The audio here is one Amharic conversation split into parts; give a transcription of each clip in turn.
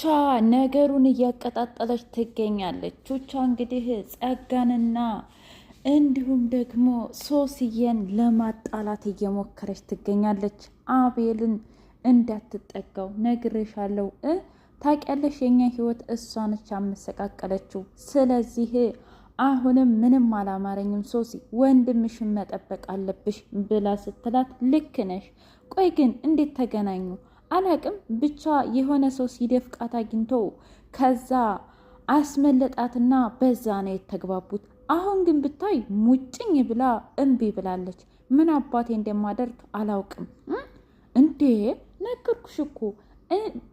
ቹቻ ነገሩን እያቀጣጠለች ትገኛለች። ቹቻ እንግዲህ ጸጋንና እንዲሁም ደግሞ ሶስዬን ለማጣላት እየሞከረች ትገኛለች። አቤልን እንዳትጠጋው ነግሬሻለሁ እ ታውቂያለሽ የኛ ህይወት እሷ ነች ያመሰቃቀለችው። ስለዚህ አሁንም ምንም አላማረኝም ሶሲ፣ ወንድምሽን መጠበቅ አለብሽ ብላ ስትላት ልክ ነሽ። ቆይ ግን እንዴት ተገናኙ? አላቅም ብቻ የሆነ ሰው ሲደፍቃት አግኝቶ ከዛ አስመለጣትና በዛ ነው የተግባቡት። አሁን ግን ብታይ ሙጭኝ ብላ እምቢ ብላለች። ምን አባቴ እንደማደርግ አላውቅም። እንዴ ነገርኩሽ እኮ።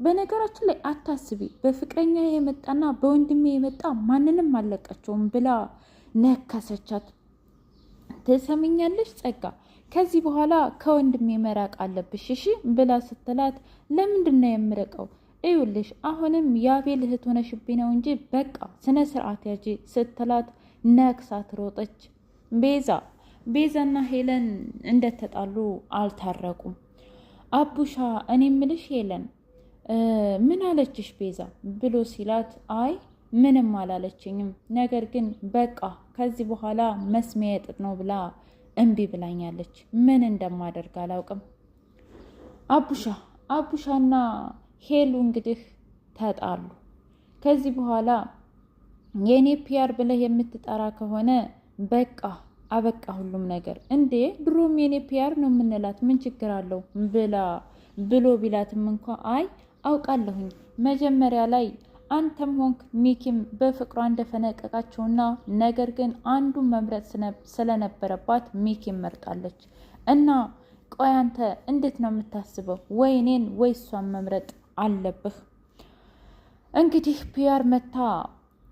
በነገራችን ላይ አታስቢ፣ በፍቅረኛ የመጣና በወንድሜ የመጣ ማንንም አለቃቸውም ብላ ነከሰቻት። ትሰምኛለች ጸጋ ከዚህ በኋላ ከወንድሜ መራቅ አለብሽ እሺ ብላ ስትላት፣ ለምንድን ነው የምርቀው? እዩልሽ አሁንም የአቤል እህት ሆነሽብኝ ነው እንጂ በቃ ስነ ስርዓት ያጂ ስትላት፣ ነክሳት ሮጠች። ቤዛ ቤዛና ሄለን እንደተጣሉ አልታረቁም። አቡሻ እኔ እምልሽ ሄለን ምን አለችሽ ቤዛ ብሎ ሲላት፣ አይ ምንም አላለችኝም፣ ነገር ግን በቃ ከዚህ በኋላ መስሚያ የጥጥ ነው ብላ እምቢ ብላኛለች። ምን እንደማደርግ አላውቅም። አቡሻ አቡሻና ሄሉ እንግዲህ ተጣሉ። ከዚህ በኋላ የእኔ ፒያር ብለህ የምትጠራ ከሆነ በቃ አበቃ ሁሉም ነገር። እንዴ ድሮም የኔ ፒያር ነው የምንላት ምን ችግር አለው ብላ ብሎ ቢላትም እንኳ አይ አውቃለሁኝ መጀመሪያ ላይ አንተም ሆንክ ሚኪም በፍቅሯ እንደፈነቀቃቸውና ነገር ግን አንዱን መምረጥ ስለነበረባት ሚኪም መርጣለች እና ቆይ አንተ እንዴት ነው የምታስበው? ወይ እኔን ወይ እሷን መምረጥ አለብህ። እንግዲህ ፒያር መታ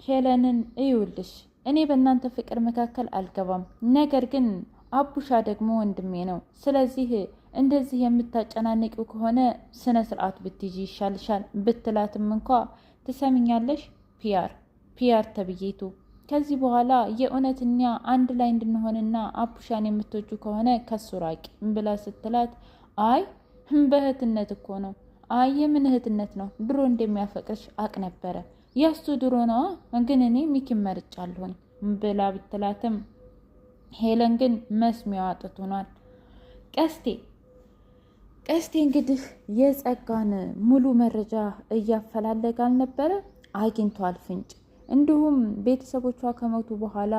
ሄለንን እዩልሽ፣ እኔ በእናንተ ፍቅር መካከል አልገባም፣ ነገር ግን አቡሻ ደግሞ ወንድሜ ነው። ስለዚህ እንደዚህ የምታጨናንቂው ከሆነ ስነ ስርዓት ብትይዥ ይሻልሻል ብትላትም እንኳ ትሰምኛለሽ? ፒያር ፒያር ተብዬቱ ከዚህ በኋላ የእውነትኛ አንድ ላይ እንድንሆንና አፑሻን የምትወጁ ከሆነ ከሱ ራቂ ብላ ስትላት፣ አይ በእህትነት እኮ ነው። አይ የምን እህትነት ነው? ድሮ እንደሚያፈቅርሽ አቅ ነበረ። ያሱ ድሮ ነዋ፣ ግን እኔ ሚኪን መርጫለሁኝ ብላ ብትላትም ሄለን ግን መስሚያዋ አጥቷል። ቀስቴ ቀስቴ እንግዲህ የጸጋን ሙሉ መረጃ እያፈላለገ አልነበረ፣ አግኝቷል ፍንጭ። እንዲሁም ቤተሰቦቿ ከሞቱ በኋላ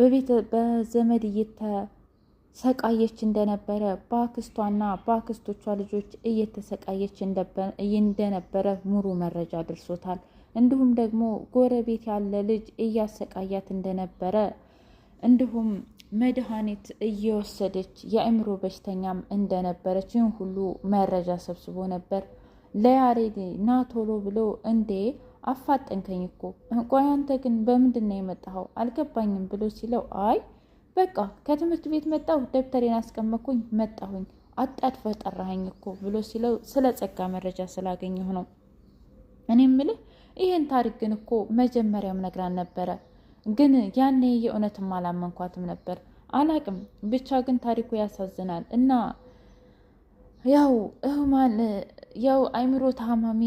በቤተ በዘመድ እየተሰቃየች እንደነበረ በአክስቷና በአክስቶቿ ልጆች እየተሰቃየች እንደነበረ ሙሉ መረጃ ደርሶታል። እንዲሁም ደግሞ ጎረቤት ያለ ልጅ እያሰቃያት እንደነበረ እንዲሁም መድኃኒት እየወሰደች የአእምሮ በሽተኛም እንደነበረች ይህን ሁሉ መረጃ ሰብስቦ ነበር ለያሬድ ና ቶሎ ብሎ እንዴ አፋጠንከኝ እኮ ቆይ አንተ ግን በምንድን ነው የመጣኸው አልገባኝም ብሎ ሲለው አይ በቃ ከትምህርት ቤት መጣሁ ደብተሬን አስቀመኩኝ መጣሁኝ አጣድፈህ ጠራኸኝ እኮ ብሎ ሲለው ስለ ጸጋ መረጃ ስላገኘሁ ነው እኔ ምልህ ይህን ታሪክ ግን እኮ መጀመሪያም ነግራን ነበረ ግን ያኔ የእውነትም አላመንኳትም ነበር። አላቅም ብቻ ግን ታሪኩ ያሳዝናል እና ያው እህማን ያው አይምሮ ታማሚ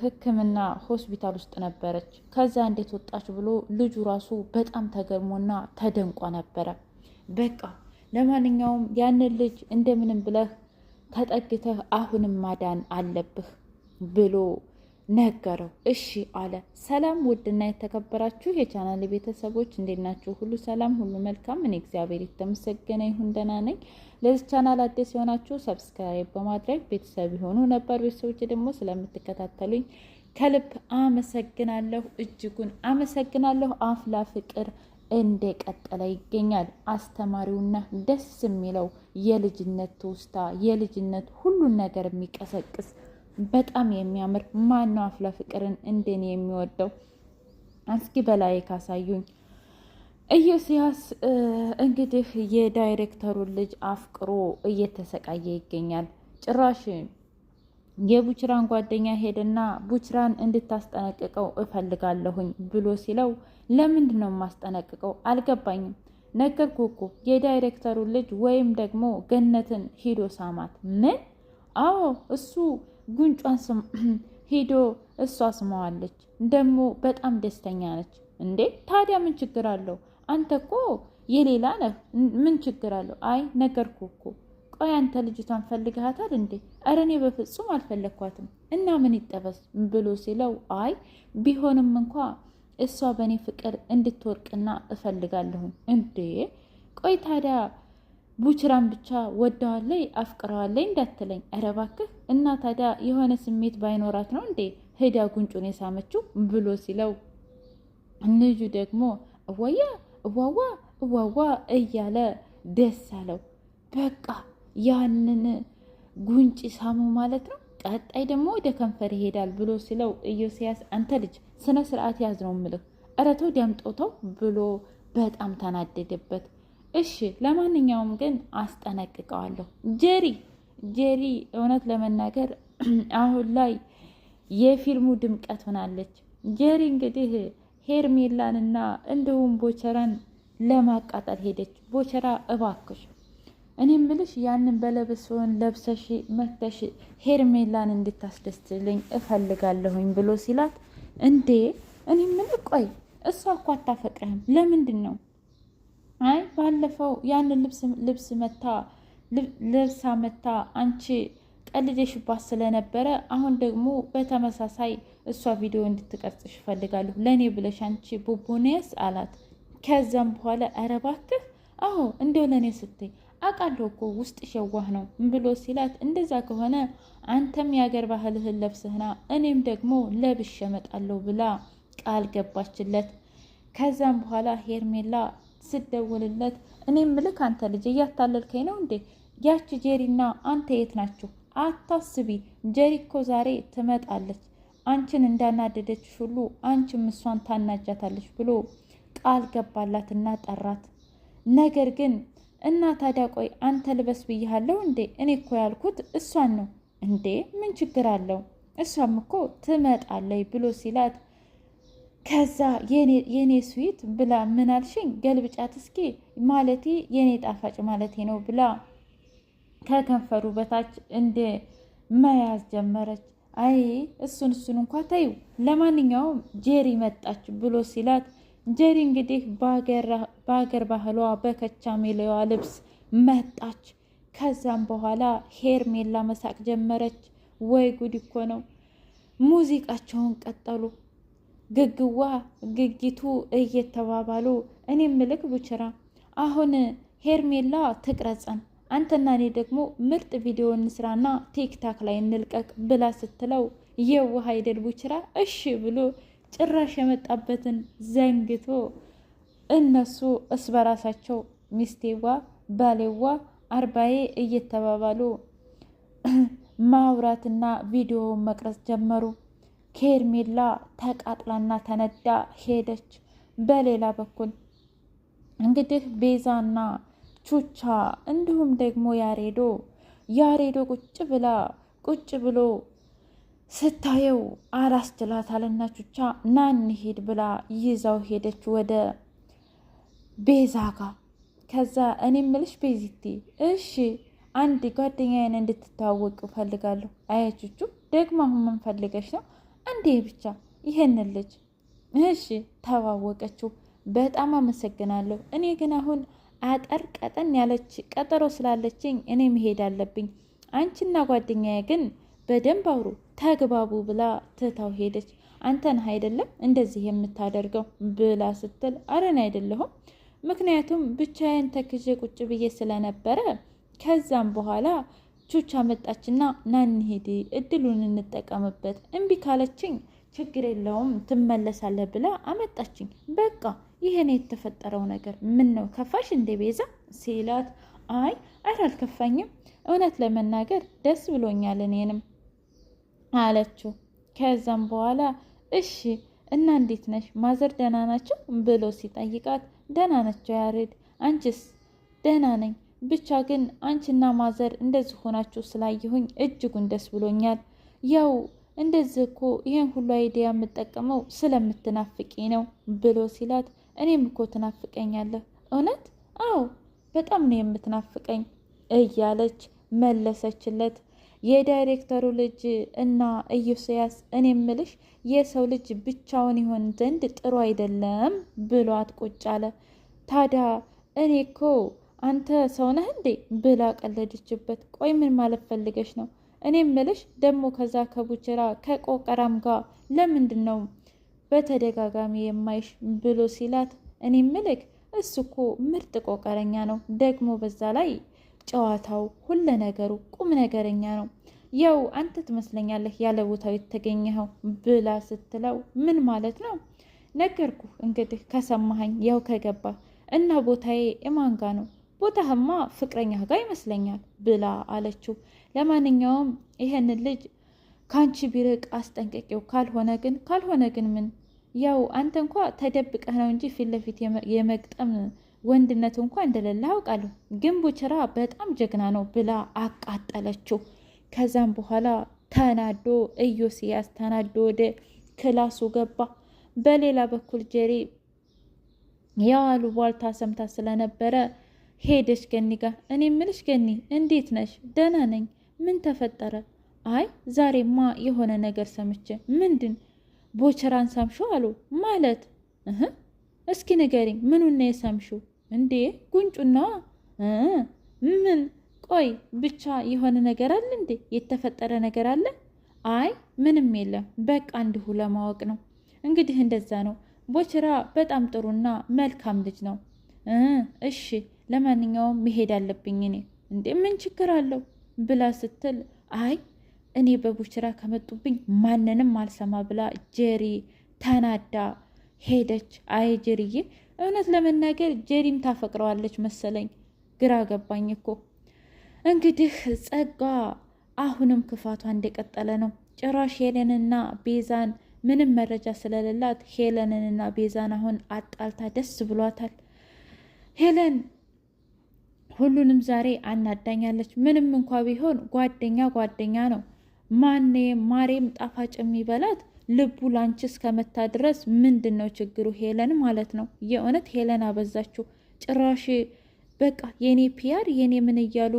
ሕክምና ሆስፒታል ውስጥ ነበረች። ከዛ እንዴት ወጣች ብሎ ልጁ ራሱ በጣም ተገርሞና ተደንቋ ነበረ። በቃ ለማንኛውም ያንን ልጅ እንደምንም ብለህ ተጠግተህ አሁንም ማዳን አለብህ ብሎ ነገረው። እሺ አለ። ሰላም ውድና የተከበራችሁ የቻናል ቤተሰቦች እንዴት ናችሁ? ሁሉ ሰላም፣ ሁሉ መልካም። እኔ እግዚአብሔር የተመሰገነ ይሁን ደህና ነኝ። ለዚህ ቻናል አዲስ የሆናችሁ ሰብስክራይብ በማድረግ ቤተሰብ የሆኑ ነበር ቤተሰቦች ደግሞ ስለምትከታተሉኝ ከልብ አመሰግናለሁ፣ እጅጉን አመሰግናለሁ። አፍላ ፍቅር እንደቀጠለ ይገኛል። አስተማሪውና ደስ የሚለው የልጅነት ትውስታ የልጅነት ሁሉን ነገር የሚቀሰቅስ በጣም የሚያምር ማነው አፍላ ፍቅርን እንደኔ የሚወደው? እስኪ በላይ ካሳዩኝ ኢዮስያስ እንግዲህ የዳይሬክተሩን ልጅ አፍቅሮ እየተሰቃየ ይገኛል። ጭራሽ የቡችራን ጓደኛ ሄድና ቡችራን እንድታስጠነቅቀው እፈልጋለሁኝ ብሎ ሲለው ለምንድን ነው የማስጠነቅቀው አልገባኝም። ነገርኩ እኮ የዳይሬክተሩን ልጅ ወይም ደግሞ ገነትን ሂዶ ሳማት። ምን? አዎ እሱ ጉንጯን ሄዶ እሷ ስመዋለች። ደግሞ በጣም ደስተኛ ነች። እንዴ ታዲያ ምን ችግር አለው? አንተ እኮ የሌላ ነህ፣ ምን ችግር አለው? አይ ነገርኩ እኮ። ቆይ አንተ ልጅቷን ፈልግሃታል እንዴ? ኧረ እኔ በፍጹም አልፈለግኳትም። እና ምን ይጠበስ ብሎ ሲለው አይ ቢሆንም እንኳ እሷ በእኔ ፍቅር እንድትወርቅና እፈልጋለሁኝ። እንዴ ቆይ ታዲያ ቡችራን ብቻ ወደዋለይ አፍቅረዋለይ እንዳትለኝ። ኧረ እባክህ እና ታዲያ የሆነ ስሜት ባይኖራት ነው እንዴ ሄዳ ጉንጩን የሳመችው ብሎ ሲለው ልጁ ደግሞ እወያ እዋዋ እዋዋ እያለ ደስ አለው። በቃ ያንን ጉንጭ ሳሙ ማለት ነው። ቀጣይ ደግሞ ወደ ከንፈር ይሄዳል ብሎ ሲለው ኢዮስያስ አንተ ልጅ ስነ ስርዓት ያዝ ነው ምልህ፣ ኧረ ተው ዳምጦ ተው ብሎ በጣም ተናደደበት። እሺ ለማንኛውም ግን አስጠነቅቀዋለሁ። ጄሪ ጄሪ እውነት ለመናገር አሁን ላይ የፊልሙ ድምቀት ሆናለች። ጄሪ እንግዲህ ሄርሜላንና እንዲሁም ቦቸራን ለማቃጠል ሄደች። ቦቸራ እባክሽ እኔ ምልሽ ያንን በለበሰውን ለብሰሽ መተሽ ሄርሜላን እንድታስደስትልኝ እፈልጋለሁኝ ብሎ ሲላት፣ እንዴ እኔ ምን ቆይ እሷ እኮ አታፈቅረህም ለምንድን ነው አይ ባለፈው ያንን ልብስ መታ ልብሳ መታ አንቺ ቀልደሽባት ስለነበረ አሁን ደግሞ በተመሳሳይ እሷ ቪዲዮ እንድትቀርጽሽ እፈልጋለሁ ለእኔ ብለሽ አንቺ ቡቡኔስ አላት። ከዛም በኋላ ኧረ እባክህ አዎ እንዲያው ለእኔ ስትይ አውቃለሁ እኮ ውስጥ ሸዋህ ነው ብሎ ሲላት፣ እንደዛ ከሆነ አንተም የአገር ባህልህን ለብሰህና እኔም ደግሞ ለብሼ እመጣለሁ ብላ ቃል ገባችለት። ከዛም በኋላ ሄርሜላ ስደውልለት እኔ ምልክ አንተ ልጅ እያታለልከኝ ነው እንዴ? ያች ጀሪና አንተ የት ናችሁ? አታስቢ፣ ጀሪ እኮ ዛሬ ትመጣለች። አንቺን እንዳናደደች ሁሉ አንቺም እሷን ታናጃታለች ብሎ ቃል ገባላትና ጠራት። ነገር ግን እና ታዲያ ቆይ አንተ ልበስ ብያሃለው እንዴ? እኔ እኮ ያልኩት እሷን ነው እንዴ? ምን ችግር አለው? እሷም እኮ ትመጣለች ብሎ ሲላት ከዛ የኔ ስዊት ብላ ምን አልሽኝ? ገልብጫት እስኪ ማለቴ የኔ ጣፋጭ ማለቴ ነው ብላ ከከንፈሩ በታች እንደ መያዝ ጀመረች። አይ እሱን እሱን እንኳ ተዩ፣ ለማንኛውም ጄሪ መጣች ብሎ ሲላት ጀሪ እንግዲህ በሀገር ባህሏ በከቻ ሜለዋ ልብስ መጣች። ከዛም በኋላ ሄርሜላ መሳቅ ጀመረች። ወይ ጉድ እኮ ነው። ሙዚቃቸውን ቀጠሉ። ግግዋ ግጊቱ እየተባባሉ እኔ ምልክ ቡችራ አሁን ሄርሜላ ትቅረጸን አንተና እኔ ደግሞ ምርጥ ቪዲዮ እንስራና ቲክታክ ላይ እንልቀቅ ብላ ስትለው የውሃ አይደል ቡችራ እሺ ብሎ ጭራሽ የመጣበትን ዘንግቶ እነሱ እስ በራሳቸው ሚስቴዋ ባሌዋ አርባዬ እየተባባሉ ማውራትና ቪዲዮውን መቅረጽ ጀመሩ። ሄርሜላ ተቃጥላና ተነዳ ሄደች። በሌላ በኩል እንግዲህ ቤዛና ቹቻ እንዲሁም ደግሞ ያሬዶ ያሬዶ ቁጭ ብላ ቁጭ ብሎ ስታየው አራስ አላስችላታልና ቹቻ ናን ሄድ ብላ ይዛው ሄደች ወደ ቤዛ ጋር። ከዛ እኔ ምልሽ ቤዚቲ፣ እሺ አንድ ጓደኛዬን እንድትተዋወቂው ፈልጋለሁ። አያችቹ ደግሞ አሁን ምን ፈልገሽ ነው? አንዴ ብቻ ይሄንን ልጅ እሺ፣ ተዋወቀችው። በጣም አመሰግናለሁ። እኔ ግን አሁን አጠር ቀጠን ያለች ቀጠሮ ስላለችኝ እኔ መሄድ አለብኝ። አንቺና ጓደኛዬ ግን በደንብ አውሩ፣ ተግባቡ ብላ ትታው ሄደች። አንተን አይደለም እንደዚህ የምታደርገው ብላ ስትል አረን አይደለሁም፣ ምክንያቱም ብቻዬን ተክዤ ቁጭ ብዬ ስለነበረ ከዛም በኋላ ቹቻ መጣችና ናን እንሂድ፣ እድሉን እንጠቀምበት፣ እምቢ ካለችኝ ችግር የለውም ትመለሳለህ ብላ አመጣችኝ። በቃ ይህን የተፈጠረው ነገር ምን ነው ከፋሽ እንዴ ቤዛ ሲላት፣ አይ አረ አልከፋኝም፣ እውነት ለመናገር ደስ ብሎኛል እኔንም አለችው። ከዛም በኋላ እሺ እና እንዴት ነሽ ማዘር ደህና ናቸው ብሎ ሲጠይቃት፣ ደህና ናቸው ያሬድ፣ አንቺስ? ደህና ነኝ ብቻ ግን አንቺና ማዘር እንደዚህ ሆናችሁ ስላየሁኝ እጅጉን ደስ ብሎኛል። ያው እንደዚህ እኮ ይህን ሁሉ አይዲያ የምጠቀመው ስለምትናፍቂ ነው ብሎ ሲላት፣ እኔም እኮ ትናፍቀኛለህ። እውነት? አዎ በጣም ነው የምትናፍቀኝ እያለች መለሰችለት። የዳይሬክተሩ ልጅ እና ኢዮስያስ እኔ ምልሽ የሰው ልጅ ብቻውን ይሆን ዘንድ ጥሩ አይደለም ብሏት ቁጭ አለ። ታዲያ እኔ እኮ አንተ ሰው ነህ እንዴ ብላ ቀለደችበት። ቆይ ምን ማለት ፈልገሽ ነው? እኔ እምልሽ ደግሞ ከዛ ከቡችራ ከቆቀራም ጋር ለምንድን ነው በተደጋጋሚ የማይሽ ብሎ ሲላት፣ እኔ ምልክ እሱ እኮ ምርጥ ቆቀረኛ ነው። ደግሞ በዛ ላይ ጨዋታው፣ ሁለ ነገሩ ቁም ነገረኛ ነው። ያው አንተ ትመስለኛለህ ያለ ቦታው የተገኘኸው ብላ ስትለው፣ ምን ማለት ነው? ነገርኩ እንግዲህ ከሰማኸኝ፣ ያው ከገባ እና ቦታዬ እማንጋ ነው ቦታህማ ፍቅረኛ ጋር ይመስለኛል ብላ አለችው። ለማንኛውም ይሄንን ልጅ ከአንቺ ቢርቅ አስጠንቀቂው። ካልሆነ ግን ካልሆነ ግን ምን ያው አንተ እንኳ ተደብቀህ ነው እንጂ ፊት ለፊት የመግጠም ወንድነቱ እንኳ እንደሌለ አውቃለሁ፣ ግን ቡችራ በጣም ጀግና ነው ብላ አቃጠለችው። ከዛም በኋላ ተናዶ ኢዮስያስ ተናዶ ወደ ክላሱ ገባ። በሌላ በኩል ጀሪ የዋሉ አሉባልታ ሰምታ ስለነበረ ሄደሽ ገኒ ጋር። እኔ ምልሽ ገኒ፣ እንዴት ነሽ? ደህና ነኝ። ምን ተፈጠረ? አይ ዛሬማ የሆነ ነገር ሰምቼ። ምንድን? ቦቸራን ሰምሹ አሉ ማለት? እህ እስኪ ንገሪኝ፣ ምኑን ነው እንዴ ጉንጩናዋ ምን ቆይ ብቻ የሆነ ነገር አለ እንዴ? የተፈጠረ ነገር አለ? አይ ምንም የለም፣ በቃ እንዲሁ ለማወቅ ነው። እንግዲህ እንደዛ ነው። ቦችራ በጣም ጥሩና መልካም ልጅ ነው። እሺ ለማንኛውም መሄድ አለብኝ እኔ እንዴ ምን ችግር አለው ብላ ስትል አይ እኔ በቡችራ ከመጡብኝ ማንንም አልሰማ ብላ ጀሪ ተናዳ ሄደች። አይ ጀሪዬ፣ እውነት ለመናገር ጀሪም ታፈቅረዋለች መሰለኝ። ግራ ገባኝ እኮ። እንግዲህ ጸጋ አሁንም ክፋቷ እንደቀጠለ ነው። ጭራሽ ሄለንና ቤዛን ምንም መረጃ ስለሌላት ሄለንንና ቤዛን አሁን አጣልታ ደስ ብሏታል ሄለን ሁሉንም ዛሬ አናዳኛለች። ምንም እንኳ ቢሆን ጓደኛ ጓደኛ ነው። ማኔ ማሬም ጣፋጭ የሚበላት ልቡ ላንቺ እስከመታ ድረስ ምንድን ነው ችግሩ? ሄለን ማለት ነው። የእውነት ሄለን አበዛችሁ። ጭራሽ በቃ የኔ ፒያር የኔ ምን እያሉ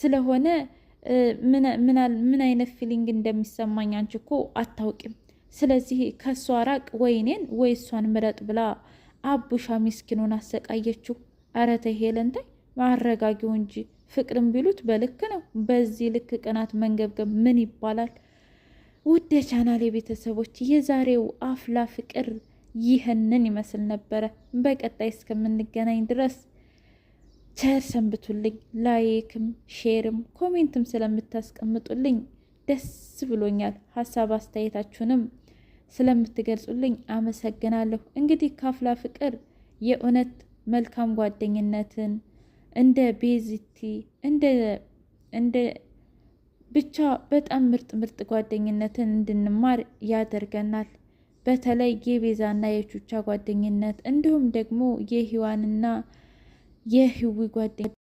ስለሆነ ምን አይነት ፊሊንግ እንደሚሰማኝ አንቺ እኮ አታውቂም። ስለዚህ ከእሷ ራቅ፣ ወይኔን ወይ እሷን ምረጥ ብላ አቡሻ ሚስኪኑን አሰቃየችው። አረተ ሄለን ማረጋጊው እንጂ ፍቅርም ቢሉት በልክ ነው። በዚህ ልክ ቅናት መንገብገብ ምን ይባላል? ውድ የቻናሌ ቤተሰቦች የዛሬው አፍላ ፍቅር ይህንን ይመስል ነበረ። በቀጣይ እስከምንገናኝ ድረስ ቸር ሰንብቱልኝ። ላይክም ሼርም ኮሜንትም ስለምታስቀምጡልኝ ደስ ብሎኛል። ሀሳብ አስተያየታችሁንም ስለምትገልጹልኝ አመሰግናለሁ። እንግዲህ ካፍላ ፍቅር የእውነት መልካም ጓደኝነትን እንደ ቤዚቲ እንደ ብቻ በጣም ምርጥ ምርጥ ጓደኝነትን እንድንማር ያደርገናል። በተለይ የቤዛና የቹቻ ጓደኝነት እንዲሁም ደግሞ የህዋንና የህዊ ጓደኝነት